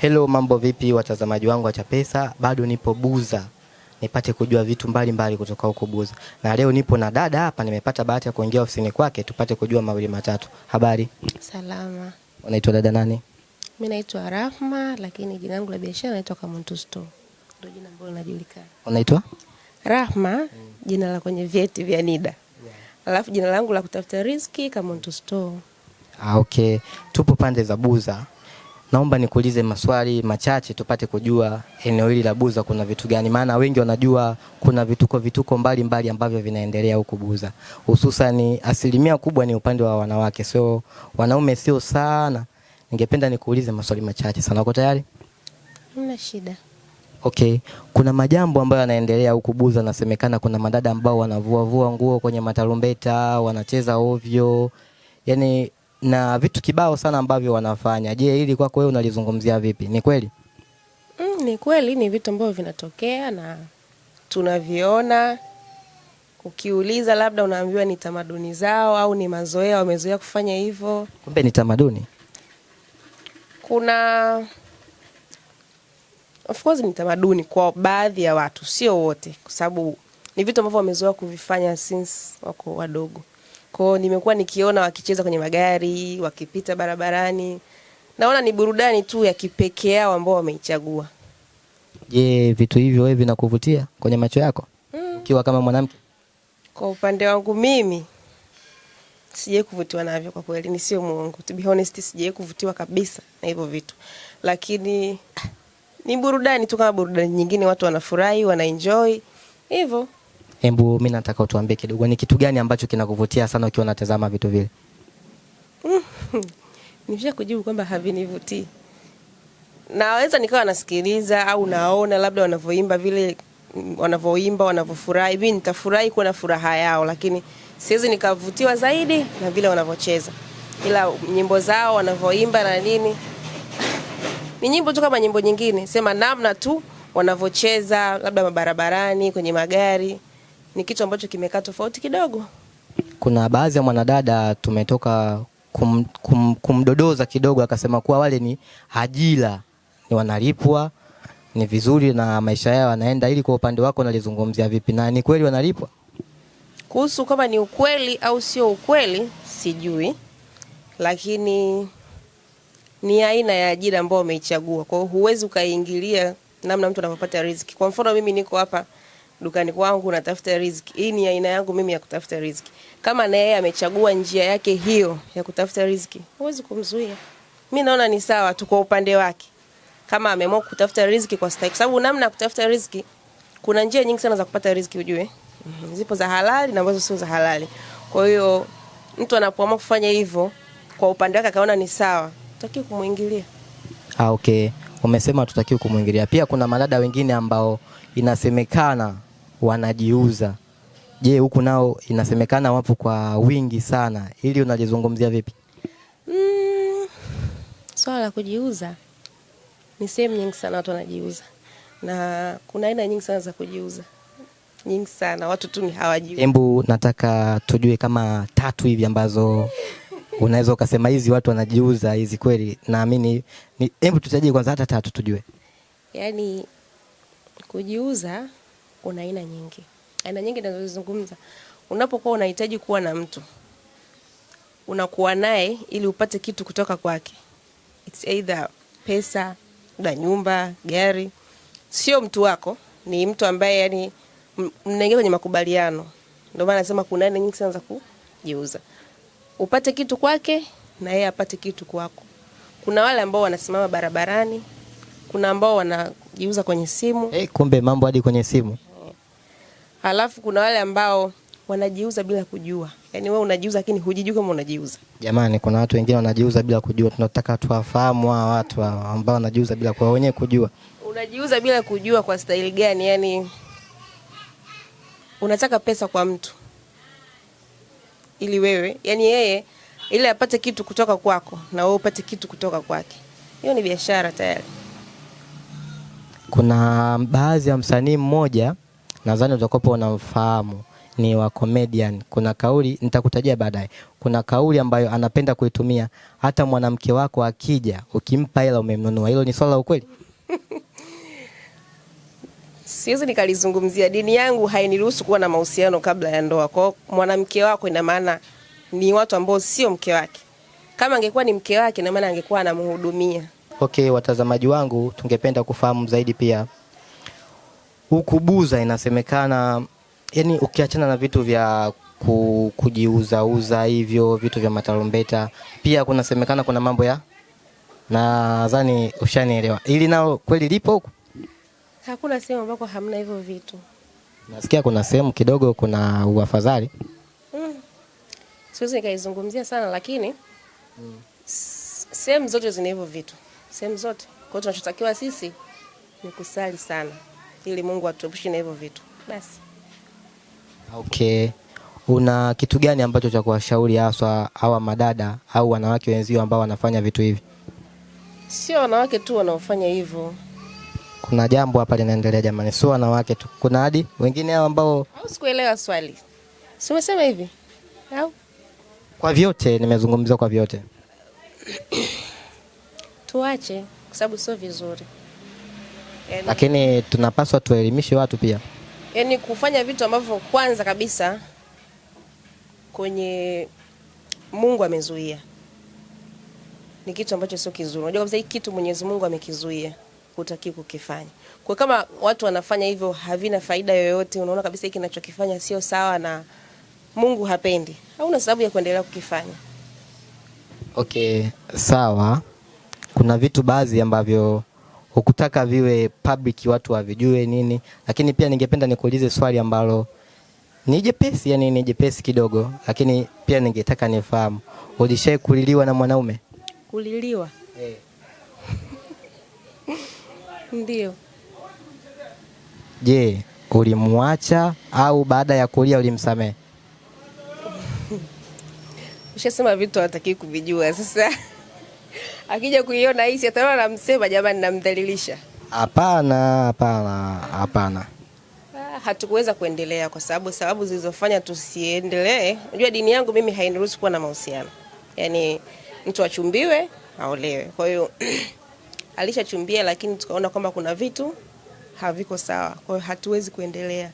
Hello, mambo vipi watazamaji wangu wa Chapesa, bado nipo Buza nipate kujua vitu mbalimbali mbali kutoka huko Buza, na leo nipo na dada hapa, nimepata bahati ya kuingia ofisini kwake tupate kujua mawili matatu. Habari? Salama. Unaitwa dada nani? Mimi naitwa Rahma, lakini jina langu la biashara naitwa Kamuntu Store, ndio jina ambalo linajulikana. Unaitwa Rahma? Hmm. Jina la kwenye vyeti vya NIDA, yeah. alafu jina langu la kutafuta riziki Kamuntu Store. Ah, okay, tupo pande za Buza Naomba nikuulize maswali machache tupate kujua eneo hili la Buza kuna vitu gani, maana wengi wanajua kuna vituko vituko mbalimbali mbali ambavyo vinaendelea huku Buza, hususan asilimia kubwa ni upande wa wanawake, so wanaume sio sana. Ningependa nikuulize maswali machache sana, uko tayari? Una shida. Okay, kuna majambo ambayo yanaendelea huku Buza, nasemekana kuna madada ambao wanavuavua nguo kwenye matarumbeta, wanacheza ovyo, yani na vitu kibao sana ambavyo wanafanya. Je, hili kwako wewe unalizungumzia vipi? Ni kweli? Mm, ni kweli ni vitu ambavyo vinatokea na tunaviona. Ukiuliza labda unaambiwa ni tamaduni zao au ni mazoea, wamezoea kufanya hivyo. Kumbe ni tamaduni. Kuna of course ni tamaduni kwa baadhi ya watu, sio wote, kwa sababu ni vitu ambavyo wamezoea kuvifanya since wako wadogo. Kwao nimekuwa nikiona wakicheza kwenye magari, wakipita barabarani, naona ni burudani tu ya kipekee yao ambao wameichagua. Je, vitu hivyo wewe vinakuvutia kwenye macho yako mm. ukiwa kama mwanamke? Kwa upande wangu mimi sijai kuvutiwa navyo kwa kweli, ni sio muongo, to be honest, sijai kuvutiwa kabisa na hivyo vitu, lakini ni burudani tu kama burudani nyingine, watu wanafurahi, wanaenjoy hivyo. Hebu mimi nataka utuambie kidogo, ni kitu gani ambacho kinakuvutia sana ukiwa unatazama vitu vile? Nimesha kujibu kwamba havinivutii. Naweza nikawa nasikiliza au naona labda wanavyoimba vile wanavyoimba wanavyofurahi, mimi nitafurahi kuona furaha yao, lakini siwezi nikavutiwa zaidi na vile wanavyocheza, ila nyimbo zao wanavyoimba na nini, ni nyimbo tu kama nyimbo nyingine, sema namna tu wanavyocheza labda mabarabarani, kwenye magari, ni kitu ambacho kimekaa tofauti kidogo. Kuna baadhi ya mwanadada tumetoka kum, kum, kumdodoza kidogo, akasema kuwa wale ni ajira, ni wanalipwa ni vizuri na maisha yao wanaenda. Ili kwa upande wako nalizungumzia vipi, na ni kweli wanalipwa? Kuhusu kama ni ukweli au sio ukweli sijui, lakini ni aina ya ajira ambayo umeichagua, kwa hiyo huwezi ukaingilia namna mtu anapopata riziki. Kwa mfano mimi niko hapa dukani kwangu natafuta riziki. Hii ni aina yangu mimi ya kutafuta riziki. Kama na yeye amechagua njia yake hiyo ya kutafuta riziki, huwezi kumzuia. Mi naona ni sawa tu kwa upande wake, kama ameamua kutafuta riziki kwa stahiki, sababu namna ya kutafuta riziki, kuna njia nyingi sana za kupata riziki ujue. Mm-hmm. Zipo za halali na ambazo sio za halali. Kwa hiyo mtu anapoamua kufanya hivyo kwa upande wake akaona ni sawa, tutaki kumuingilia. Ah, okay. Umesema tutakiwa kumuingilia. Pia kuna madada wengine ambao inasemekana wanajiuza. Je, huku nao inasemekana wapo kwa wingi sana, ili unalizungumzia vipi? Mm, swala la kujiuza ni sehemu nyingi sana watu wanajiuza, na kuna aina nyingi sana za kujiuza, nyingi sana watu tu ni hawajiuzi. Hebu nataka tujue kama tatu hivi ambazo unaweza ukasema hizi watu wanajiuza hizi kweli. Naamini, hebu tutajie kwanza hata tatu tujue, yaani Kujiuza kuna aina nyingi. Aina nyingi ninazozizungumza. Unapokuwa unahitaji kuwa na mtu. Unakuwa naye ili upate kitu kutoka kwake. It's either pesa, na nyumba, gari. Sio mtu wako, ni mtu ambaye yani mnaingia kwenye makubaliano. Ndio maana nasema kuna aina nyingi sana za kujiuza. Upate kitu kwake na yeye apate kitu kwako. Kuna wale ambao wanasimama barabarani kuna ambao wanajiuza kwenye simu. Hey, eh, kumbe mambo hadi kwenye simu. Alafu kuna wale ambao wanajiuza bila kujua. Yaani wewe unajiuza lakini hujijui kama unajiuza. Jamani, kuna watu wengine wanajiuza bila kujua. Tunataka tuwafahamu hawa watu ambao wanajiuza bila kwa wenyewe kujua. Unajiuza bila kujua kwa staili gani? Yaani unataka pesa kwa mtu ili wewe, yaani yeye ili apate kitu kutoka kwako na wewe upate kitu kutoka kwake. Hiyo ni biashara tayari kuna baadhi ya msanii mmoja nadhani utakopo unamfahamu ni wa comedian. Kuna kauli nitakutajia baadaye. Kuna kauli ambayo anapenda kuitumia, hata mwanamke wako akija, ukimpa hela umemnunua. Hilo ni swala la ukweli? Siwezi nikalizungumzia, dini yangu hainiruhusu kuwa na mahusiano kabla ya ndoa. Kwao mwanamke wako, ina maana ni watu ambao sio mke wake. Kama angekuwa ni mke wake, ina maana angekuwa anamhudumia. Okay, watazamaji wangu, tungependa kufahamu zaidi pia ukubuza inasemekana, yani ukiachana na vitu vya ku, kujiuzauza hivyo vitu vya matarumbeta, pia kunasemekana kuna mambo ya, nadhani ushanielewa, ili nao kweli lipo huko. Hakuna sehemu ambako hamna hivyo vitu. Nasikia kuna sehemu kidogo kuna uafadhali mm. Siwezi nikaizungumzia sana lakini mm. Sehemu zote zina hivyo vitu sehemu zote. Kwa hiyo tunachotakiwa sisi ni kusali sana ili Mungu atuepushe na hivyo vitu. Basi. Okay. Una kitu gani ambacho cha kuwashauri haswa hawa madada au wanawake wenzio ambao wanafanya vitu hivi? Sio wanawake tu wanaofanya hivyo. Kuna jambo hapa linaendelea jamani, sio wanawake tu, kuna hadi wengine hao ambao. Au sikuelewa swali, si umesema hivi au? Kwa vyote nimezungumza, kwa vyote tuache, kwa sababu sio vizuri yani, lakini tunapaswa tuelimishe watu pia, yani kufanya vitu ambavyo kwanza kabisa kwenye Mungu amezuia ni kitu ambacho sio kizuri. Unajua kabisa hiki kitu Mwenyezi Mungu amekizuia, hutaki kukifanya. Kwa kama watu wanafanya hivyo havina faida yoyote, unaona kabisa hiki kinachokifanya sio sawa na Mungu hapendi, hauna sababu ya kuendelea kukifanya. Okay, sawa kuna vitu baadhi ambavyo hukutaka viwe public, watu wavijue nini. Lakini pia ningependa nikuulize swali ambalo ni jepesi, yani ni jepesi kidogo, lakini pia ningetaka nifahamu, ulishai kuliliwa na mwanaume? Kuliliwa hey. Eh. Ndio. Je, ulimwacha au baada ya kulia ulimsamehe? Ushasema vitu hataki kuvijua sasa akija kuiona hii ataona namsema jamani, namdhalilisha. Hapana, hapana, hapana. Ah, hatukuweza kuendelea kwa sababu sababu zilizofanya tusiendelee, unajua dini yangu mimi hainiruhusu kuwa na mahusiano, yaani mtu achumbiwe aolewe. Kwa hiyo alishachumbia, lakini tukaona kwamba kuna vitu haviko sawa, kwa hiyo hatuwezi kuendelea.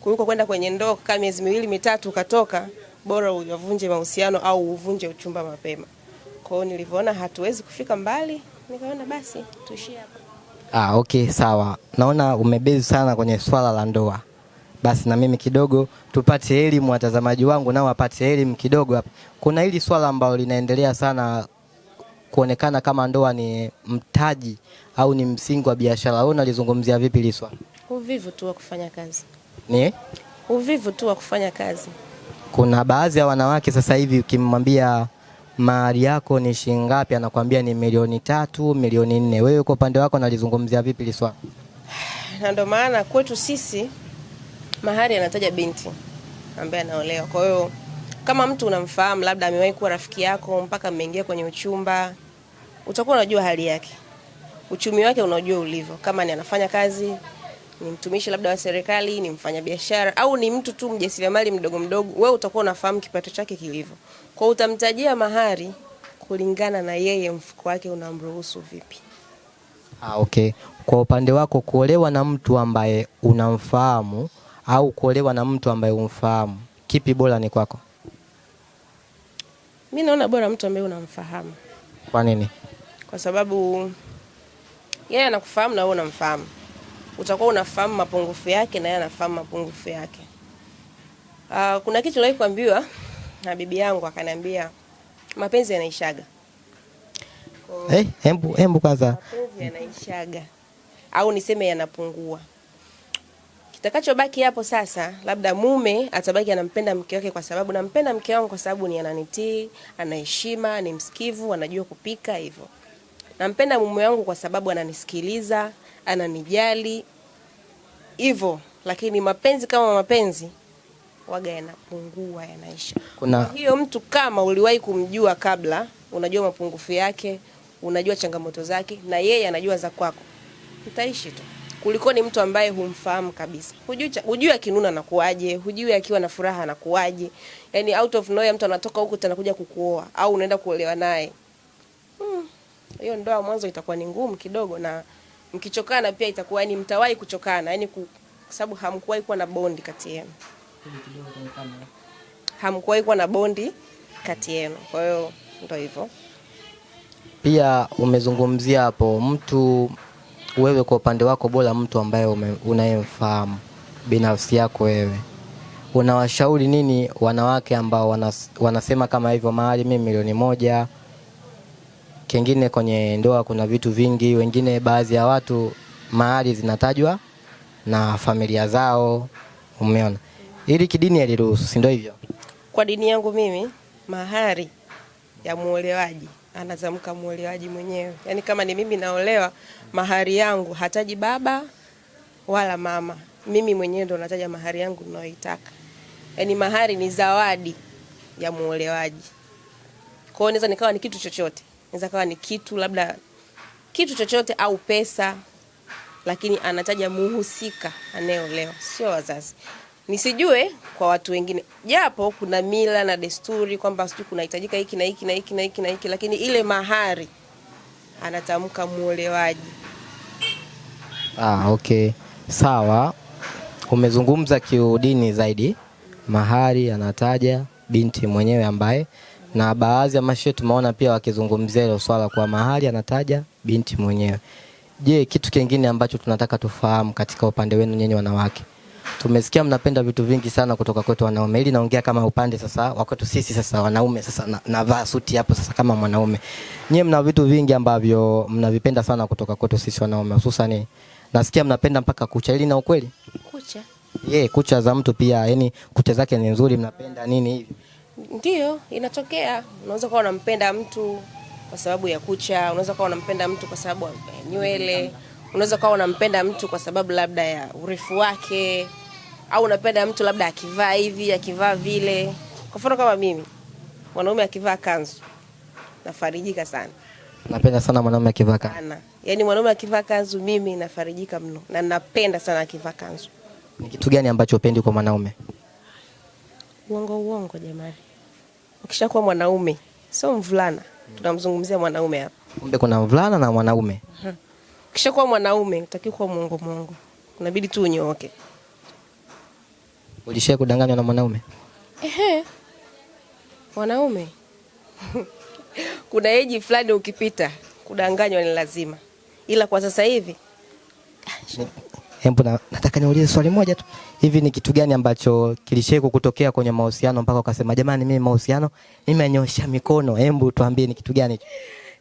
Kuliko kwenda kwenye ndoa kama miezi miwili mitatu ukatoka, bora uyavunje mahusiano au uvunje uchumba mapema. Kwa hiyo nilivyoona hatuwezi kufika mbali, nikaona basi tuishie hapa. Ah, okay, sawa. Naona umebezi sana kwenye swala la ndoa, basi na mimi kidogo tupate elimu, watazamaji wangu nao wapate elimu kidogo. Hapa kuna hili swala ambalo linaendelea sana kuonekana kama ndoa ni mtaji au ni msingi wa biashara. Wewe unalizungumzia vipi hili swala? Uvivu tu wa kufanya kazi. Ni? Uvivu tu wa kufanya kazi. Kuna baadhi ya wanawake sasa hivi ukimwambia mahari yako ni shilingi ngapi? Anakwambia ni milioni tatu, milioni nne. Wewe kwa upande wako nalizungumzia vipi liswa? Na ndo maana kwetu sisi mahari anataja binti ambaye anaolewa. Kwa hiyo kama mtu unamfahamu, labda amewahi kuwa rafiki yako mpaka mmeingia kwenye uchumba, utakuwa unajua hali yake, uchumi wake unajua ulivyo, kama ni anafanya kazi ni mtumishi labda wa serikali, ni mfanyabiashara au ni mtu tu mjasiriamali mdogo mdogo, wewe utakuwa unafahamu kipato chake kilivyo. Kwa utamtajia mahari kulingana na yeye mfuko wake unamruhusu vipi. Ah, okay. Kwa upande wako kuolewa na mtu ambaye unamfahamu au kuolewa na mtu ambaye umfahamu, kipi bora ni kwako? Mi naona bora mtu ambaye unamfahamu. Kwa nini? Kwa sababu yeye yeah, anakufahamu na wewe unamfahamu utakuwa unafahamu mapungufu yake na yeye anafahamu mapungufu yake. Uh, kuna kitu nilikuwa kuambiwa na bibi yangu akaniambia mapenzi yanaishaga. Hey, eh, hembu hembu kwanza. Mapenzi yanaishaga au niseme yanapungua. Kitakachobaki hapo sasa, labda mume atabaki anampenda mke wake, kwa sababu nampenda mke wangu kwa sababu ni ananitii, anaheshima, ni msikivu, anajua kupika hivyo. Nampenda mume wangu kwa sababu ananisikiliza, ananijali hivyo, lakini mapenzi kama mapenzi waga yanapungua, yanaisha. Kuna hiyo mtu kama uliwahi kumjua kabla, unajua mapungufu yake, unajua changamoto zake, na yeye anajua za kwako, utaishi tu kuliko ni mtu ambaye humfahamu kabisa, hujui hujui akinuna anakuaje, hujui akiwa na furaha anakuaje. Yani out of nowhere mtu anatoka huko tena kuja kukuoa au unaenda kuolewa naye. Hmm, hiyo hmm, ndoa mwanzo itakuwa ni ngumu kidogo na mkichokana pia itakuwa yani mtawahi kuchokana yani, kwa sababu hamkuwahi kuwa na bondi kati yenu, hamkuwahi kuwa na bondi kati yenu. Kwa hiyo ndio hivyo. Pia umezungumzia hapo mtu, wewe kwa upande wako, bora mtu ambaye unayemfahamu binafsi yako wewe unawashauri nini wanawake ambao wanas, wanasema kama hivyo, mahali mimi milioni moja Kingine kwenye ndoa kuna vitu vingi, wengine baadhi ya watu mahali zinatajwa na familia zao, umeona. Ili kidini aliruhusu, si ndio hivyo? Kwa dini yangu mimi mahari ya muolewaji anazamka muolewaji mwenyewe, yaani kama ni mimi naolewa, mahari yangu hataji baba wala mama, mimi mwenyewe ndo nataja mahari yangu ninayoitaka. Yaani mahari ni zawadi ya muolewaji, kwa hiyo naweza nikawa ni kitu chochote inaweza kawa ni kitu labda kitu chochote au pesa, lakini anataja muhusika anayeolewa, sio wazazi. Nisijue kwa watu wengine, japo kuna mila na desturi kwamba sijui kunahitajika hiki na hiki na hiki na hiki na hiki, lakini ile mahari anatamka muolewaji. Ah, okay, sawa. Umezungumza kiudini zaidi, mahari anataja binti mwenyewe ambaye na baadhi ya mashia tumeona pia wakizungumzia ile swala kwa mahali anataja binti mwenyewe. Je, kitu kingine ambacho tunataka tufahamu katika upande wenu nyenye wanawake, tumesikia mnapenda vitu vingi sana kutoka kwetu wanaume. Ili naongea kama upande sasa wa kwetu sisi sasa wanaume, sasa navaa na suti hapo sasa kama mwanaume. Nyie mna vitu vingi ambavyo mnavipenda sana kutoka kwetu sisi wanaume, hususan nasikia mnapenda mpaka kucha. Ili na ukweli kucha, ye kucha za mtu pia, yani kucha zake ni nzuri, mnapenda nini hivi Ndiyo, inatokea. Unaweza kuwa unampenda mtu kwa sababu ya kucha, unaweza kuwa unampenda mtu kwa sababu ya nywele, unaweza kuwa unampenda mtu kwa sababu labda ya urefu wake, au unapenda mtu labda akivaa hivi, akivaa vile. Kwa mfano kama mimi, mwanaume akivaa kanzu nafarijika sana. Napenda sana mwanaume akivaa kanzu. Yaani mwanaume akivaa kanzu mimi nafarijika mno na napenda sana akivaa kanzu. Ni kitu gani ambacho upendi kwa mwanaume? uongo uongo jamani. Ukishakuwa mwanaume sio mvulana, tunamzungumzia mwanaume hapa. Kumbe kuna mvulana na mwanaume. Ukishakuwa mwanaume utaki kuwa mwongo mwongo, unabidi tu unyooke. Ulishia kudanganywa na mwanaume? Ehe, mwanaume kuna eji fulani ukipita kudanganywa ni lazima, ila kwa sasa hivi Hebu na, nataka niulize swali moja tu. Hivi ni kitu gani ambacho kilisheko kutokea kwenye mahusiano mpaka ukasema jamani, mimi mahusiano nimenyosha mikono? Hebu tuambie ni kitu gani?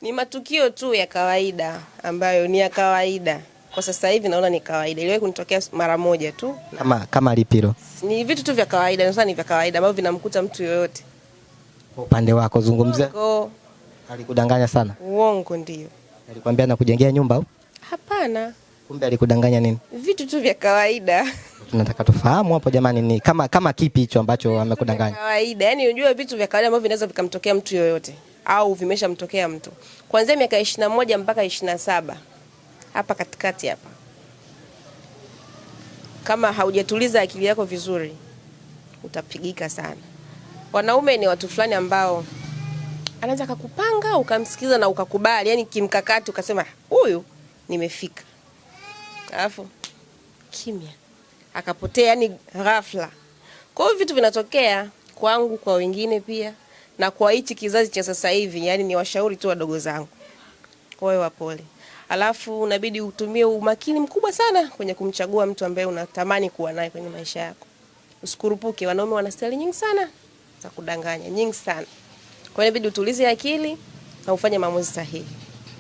Ni matukio tu ya kawaida ambayo ni ya kawaida kwa sasa hivi naona ni kawaida. Iliwahi kunitokea mara moja tu na, kama, kama lipilo ni vitu tu vya kawaida, nasema ni vya kawaida ambavyo vinamkuta mtu yoyote. Kwa upande wako zungumzia, alikudanganya sana? Uongo ndio. Alikwambia nakujengea nyumba au? Hapana. Kumbe alikudanganya nini? Vitu tu vya kawaida. Tunataka tufahamu hapo jamani, ni kama kama kipi hicho ambacho amekudanganya? Kawaida, yani unajua vitu vya kawaida ambavyo vinaweza vikamtokea mtu yoyote au vimeshamtokea mtu kuanzia miaka ishirini na moja mpaka ishirini na saba hapa katikati hapa, kama haujatuliza akili yako vizuri utapigika sana. Wanaume ni watu fulani ambao anaweza akakupanga ukamsikiza na ukakubali, yani kimkakati ukasema huyu nimefika alafu kimya, akapotea yani ghafla. Kwa hiyo vitu vinatokea kwangu, kwa wengine pia, na kwa hichi kizazi cha sasa hivi, yani ni washauri tu wadogo zangu, kwa hiyo wapole. Alafu unabidi utumie umakini mkubwa sana kwenye kumchagua mtu ambaye unatamani kuwa naye kwenye maisha yako. Usikurupuke, wanaume wana staili nyingi sana za kudanganya, nyingi sana. Kwa hiyo inabidi utulize akili na ufanye maamuzi sahihi.